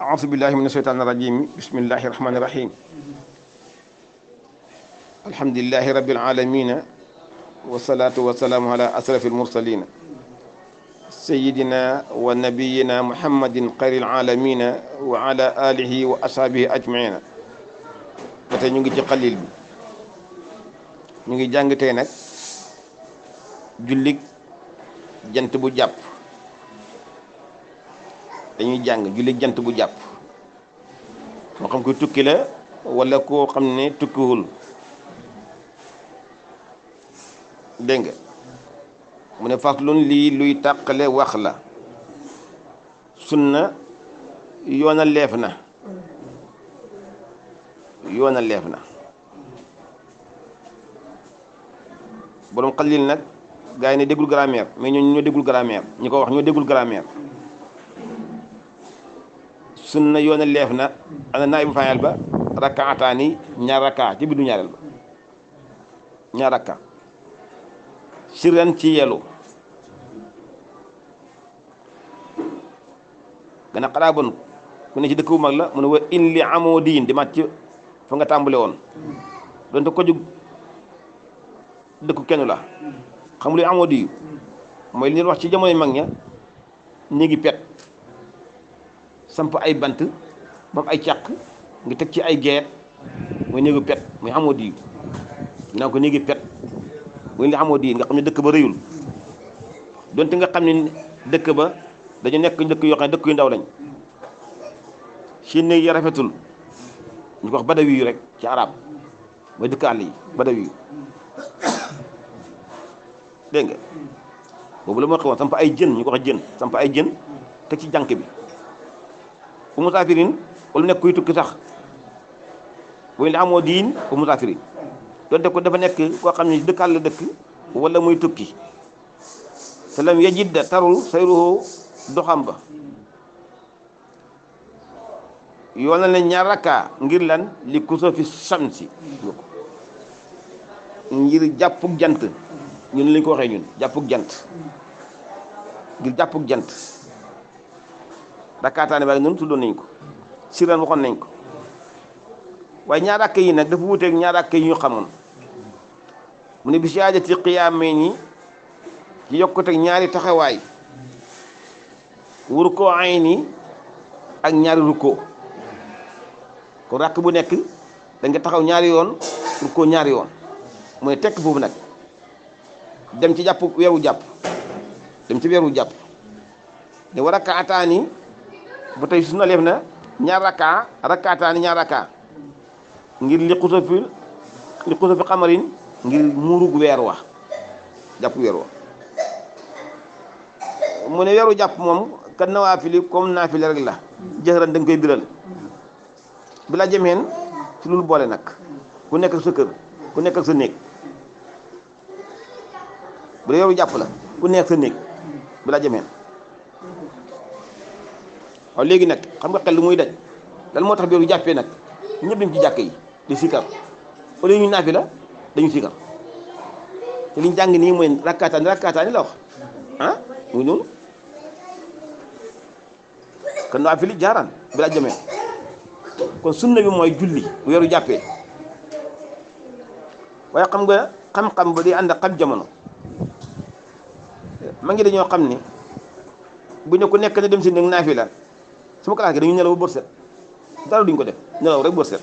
أعوذ بالله من الشيطان الرجيم بسم الله الرحمن الرحيم الحمد لله رب العالمين والصلاة والسلام على أشرف المرسلين سيدنا ونبينا محمد خير العالمين وعلى آله وأصحابه أجمعين tey ñu ngi ci xalil bi ñu dañuy jàng julli jant bu jàpp moo xam ko tukki la walla koo xam ne tukkiwul dégg nga mu ne faslun lii luy tàqale wax la sunna yoona leef na yoona leef na borom xalil nag gars yi ne déggul grammaire mais ñoo ñoo déggul grammaire ñi ko wax ñoo déggul grammaire sunna yoona leef na ana naibu fayal ba rakaataani ñaar rakka ci bindu ñaareel ba ñaar sirran ci yelu gana xanaa ku ne ci dëkk bu mag la mu ne wa in li amoo diin di mat ci fa nga tàmbale woon donte ko jug dëkku kenn la xam luy amoo diin mooy li ñu wax ci jamono mag ña ñu pet samp ay bant ba ay caq nga teg ci ay geer mooy néegu pet muy xamoo diir naa ko néegi pet muy li xamoo diir nga xam ne dëkk ba rëyul donte nga xam ne dëkk ba dañu nekk dëkk yoo xam dëkk yu ndaw lañ si néeg ya rafetul ñu ko da badawi yu rek ci arab mooy dëkk àll yi badawi yu dégg nga boobu la moo xewoon samp ay jën ñu ko wax jën samp ay jën teg ci jànk bi fu musaafirin wala nekk kuy tukki sax bu ñu la amoo diin fu musaafirin donte ko dafa nekk koo xam ne dëkkaal la dëkk wala muy tukki te lam yajid da tarul sayruhu doxam ba yoon na leen ñaar ngir lan li kuso fi samsi ngir jàppug jant ñun lañ ko waxee ñun jàppug jant ngir jàppug jant rakkaataane baa ngi noonu tuddoon nañ ko siran waxoon nañ ko waaye ñaar rakk yi nag dafa wuuteeg ñaar rakk yi ñu xamoon mu ne bi siyaadati qiyaamee ñi ci yokkuteeg ñaari taxawaay wurkoo ayni ak ñaari rukkoo kon rakk bu nekk da nga taxaw ñaari yoon rukkoo ñaari yoon mu tekk foofu nag dem ci jàpp weewu jàpp dem ci weeru jàpp ne war kaataani bu tey sunna leef na ñaar rakka rakkaataani ñaar rakka ngir li xusa fi li xusa fi xamarin ngir muurug weer wa jàpp weer wa mu ne weeru jàpp moom kan waa kat kom naa naafili rek la jëxëran da koy biral bi la jëmeen ci loolu boole nag ku nekk sa kër ku nekk ak sa néeg bu dee weeru jàpp la ku nekk sa néeg bi la jëmeen xaw legi nak xam nga xel muy daj lan motax tax biiru jàppee nag ñëpp dañ ci jakk yi di sikar au ñu la dañu sikar te liñ jàng nii mooy rakkataani rakkataani la wax ah muy noonu kon naa fi li jaran bi la jamee kon sunna bi moy julli bu yoru jappé way xam nga xam-xam bu di and xam jamono ma ngi dañoo bu ñu ko nek na dem ci nag la sama classe gi dañuy nelaw ba set dara duñ ko def nelaw rek bët set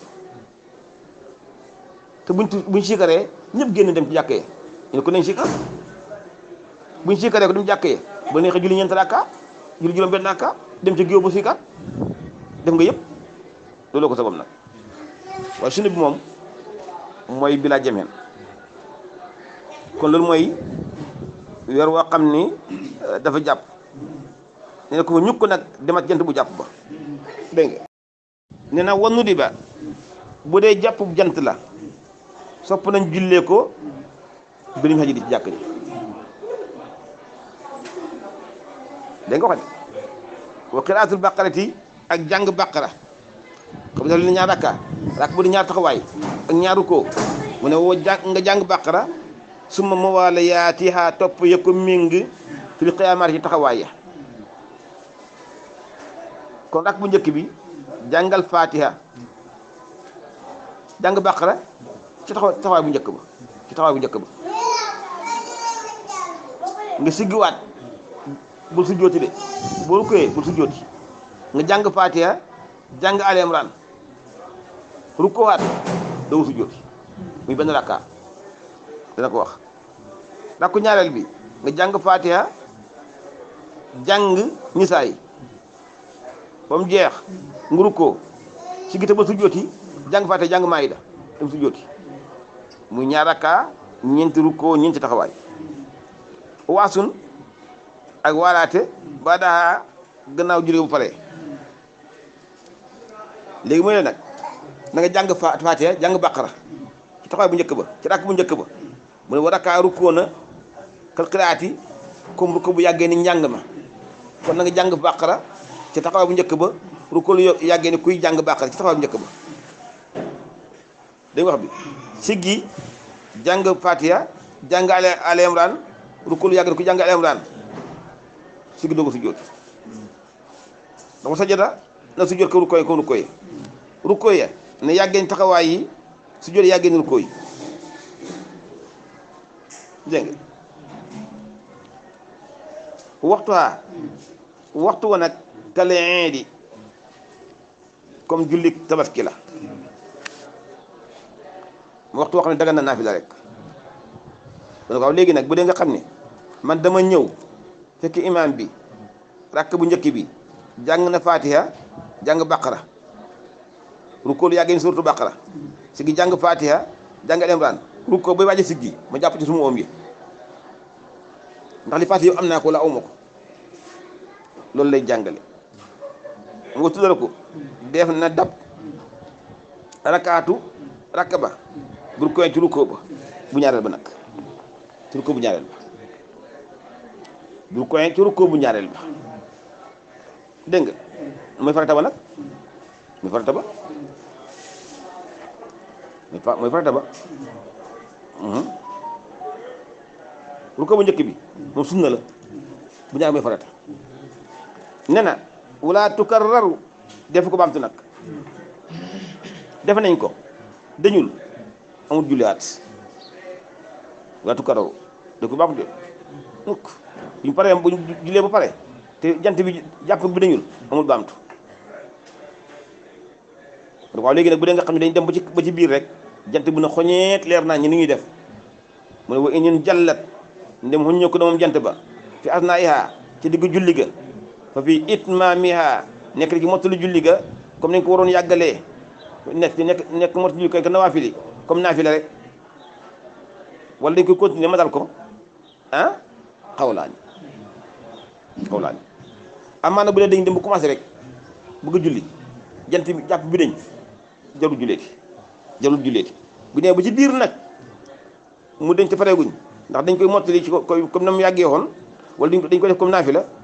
te buñ buñ siikaree ñëpp génn dem ci jàkkee ñu ne ko nañ siikar buñ siikaree ko dem jàkkee ba neexee julli ñeent rakka julli juróom benn rakka dem ci géew ba siikar def nga yëpp looloo ko sabab nag waaye sunna bi moom mooy bilaa jameen kon loolu mooy weer woo xam ni dafa jàpp ne ko ñuk nak demat jant bu japp ba dégg nga ne na wonu di ba bu japp bu jant la sopp nañ jullee ko bi ñu haji di jakk ni ji dégg nga wa qiraatul baqarati ak jang baqara ko nga lu ñaar rakka rak bu di ñaar taxaway ak ñaaru ko mu ne wo nga jang baqara summa mawaliyatiha top yakum fil qiyamati kon ak bu njëkk bi jàngal fatiha jàng baqara ci taxaw taxaw bu njëkk ba ci taxaw bu njëkk ba nga siggiwaat bu su jooti de boo ko bu su jooti nga jàng fatiha jàng Al Imran ru ko rukkowaat do su jooti muy ben rakka dina ko wax rakku ñaaral bi nga jàng fatiha jàng nisaa ba mu jeex nga rukkoo si gite ba sujjooti jàng faate jàng maayida dem sujjooti muy ñaar rakkaa ñeenti rukkoo ñeenti taxawaay waasun ak waalaate ba daa gannaaw julli bu pare léegi mooy la nag na nga jàng fa faate jàng bàqara ci taxawaay bu njëkk ba ci rakk bu njëkk ba mu ne wa rakkaa rukkoo na kal rukkoo bu yàggee ni njàng ma kon na nga jàng bàqara ci taxawaay bu njëkk ba rukul yagge ni kuy jàng bàqara ci taxawaay bu njëkk ba dégg wax bi siggi jàng fatiha jàng ale imran rukul yàggee ni kuy jàng ale imran siggi doogu da ko sajada ah? na sujjóot ko rukoy ko rukoy rukoy ya ne yagge ni taxawaay yi sujjóot yagge ni rukoy waktu, nga waxtu waxtu wa kal iidi comme jullik tabaski la waxtu waxna dagana dagan na naafila rek kon waaw léegi nak bu de nga xamni man dama ñew fekk imam bi rak bu njëkk bi jang na fatiha jang baqara rukul ya yàgg surtu baqara sigi jang fatiha jang al imran rukkoo bay waji sigi ma japp ci sumu om yi ndax li fatiha ko la awmako lay jangale nga tuddal ko na dab rakaatu ba bur koy bu ñaareel ba nag ci bu ñaareel ba bur bu ñaareel ba nga mooy farata ba nag mooy farata ba mooy farata ba mhm. rukkoo njëkk bi moom sunna la bu ñaareel mooy farata nee wala tukarraru def ko bamtu nak def nañ ko deñul amul juliat wala tukarraru de ko bamtu mukk buñ paree buñ julé ba pare té jant bi japp bi deñul amul bamtu ko légui nak bu dé nga xamni dañ dem ba ci biir rek jant bu na xoñeet leer na ñi ni ñuy def mu ne wa ñun jallat ndem hunñu ko na jant ba fi asnaiha ci digg julli ga fa fii itmaamiha nekk di ci mottali julli ga comme ni ko waroon yàggalee nekk nekk nekk mottali julli ka fili comme naafila rek wala dañ koy continuer ma dal ko ah xawlaani xawlaani amaana bu ne dañ dem bu commencé rek bëgg julli jant bi jàpp bi dañ jarul julleeti jarul julleeti bu nee bu ci biir nag mu dañ te pareeguñ ndax dañ koy mottali ci ko comme na mu yàggee woon wala dañ ko def comme naafila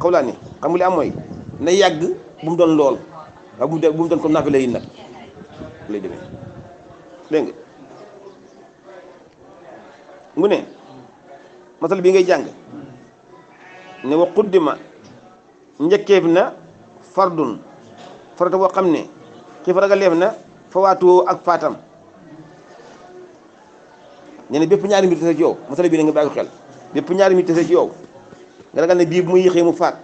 xawlaani xam nga li na yag bu mu doon lool waaw bu mu bu mu doon ko naafila yi nag lay demee dégg mu ne masal bi ngay jàng ne wa quddima na fardun farata boo xam ne xiif ragaleef na fawaatuwoo ak fatam ñene bepp ñaari mbir tese ci yow masal bi ne nga bàyyi xel bepp ñaari mbir tese ci yow nga ragal ne bii bu mu yéexee mu faat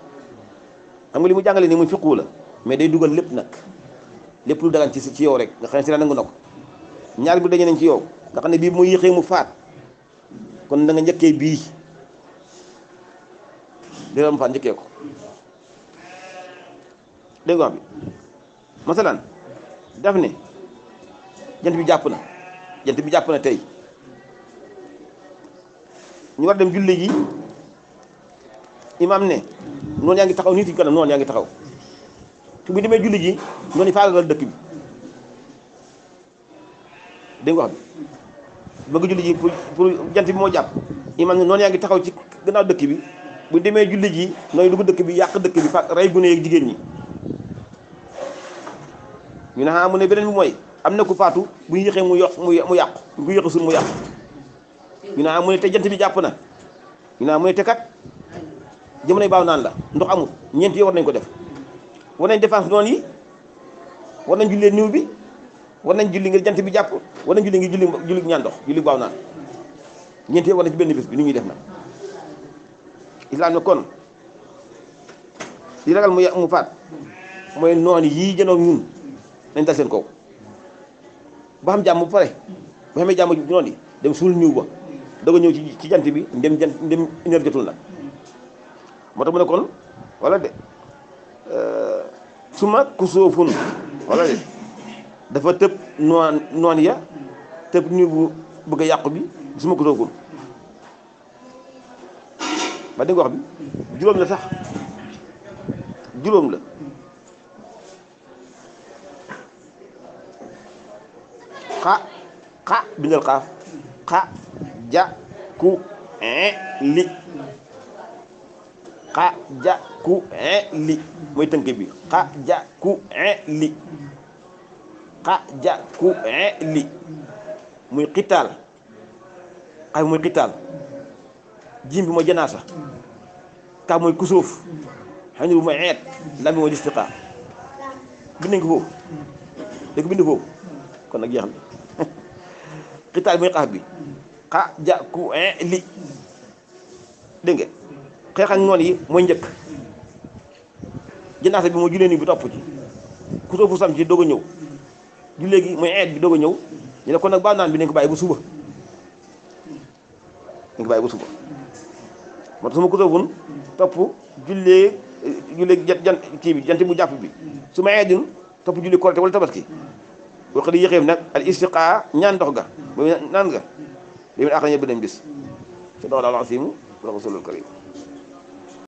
xam nga li mu jàngale nii muy fiqu la mais day dugal lépp nag lépp lu dagan ci yow rek nga xam ne si na ko ñaar bi daje nañ ci yow nga xam ne bii bu mu yéexee mu faat kon da nga njëkkee bii dina am faat njëkkee ko dégg bi masalan daf ne jant bi jàpp na jant bi jàpp na tey ñu war dem julli gi imaam ne noonu yaa ngi taxaw nit yi kanam noonu yaa ngi taxaw te bu demee julli ji noonu yi faagagal dëkk bi dégg bi bëgg jant bi moo jàpp imaam ne noonu yaa ngi taxaw ci gannaaw dëkk bi bu demee julli ji nooy dugg dëkk bi yàq dëkk bi fa rey gune jigéen ñi ñu ne ah ne beneen bi mooy am na ku faatu bu ñu yéexee mu yokk mu yàq bu ñu mu ne ah ne te jant bi jàpp na ñu ne ah ne te kat jamonoy baaw naan la ndox amul ñeent yi war nañ ko def war nañ défense noon yi war nañ jullee niw bi war nañ julli ngir jant bi jàpp war nañ julli ngir julli julli ñaan dox julli baaw naan ñeent yi war nañ ci benn bis bi ni ñuy def nag islam ne kon li ragal mu mu faat mooy seen kaw ba xam jàmm bu pare ba xamee jàmm noon yi dem suul ñëw ba doog ñëw ci ci jant bi ndem jant ndem une heure jotul nag motax mu ne kon wala de euh suma kusufun wala de dafa tepp non non ya tepp ñu bu bëgg yaq bi suma ma ku soofun ba dégg wax bi juroom la sax juroom la xa xa bindal xaaf xa ja ku eh li xa ja ku en li mooy tënk bi xa ja ku en li xa ja ku en li muy xitaal xay muy xitaal jim bi janaasa ka mooy kusuuf xëy na eet lam bi mooy listiqa bind nga foofu dégg bind kon nag jeex na xitaal bi bi xa ja ku en li dégg xeex ak noon yi mooy njëkk janaasa bi moo jullee ni bi topp ci ku soofu sam ci doog a ñëw jullee gi mooy eet bi doog a ñëw ñu ne kon nag baa naan bi nañ ko bàyyi bu suba nañ bàyyi bu suba moo tax su ma ku soofun topp jullee jullee jant kii bi jant bu jàpp bi su ma eedin topp julli korité wala tabaski boo xam ne yéexeem nag al istiqa ñaan ndox ga mooy naan ga li mu àq nañu beneen bis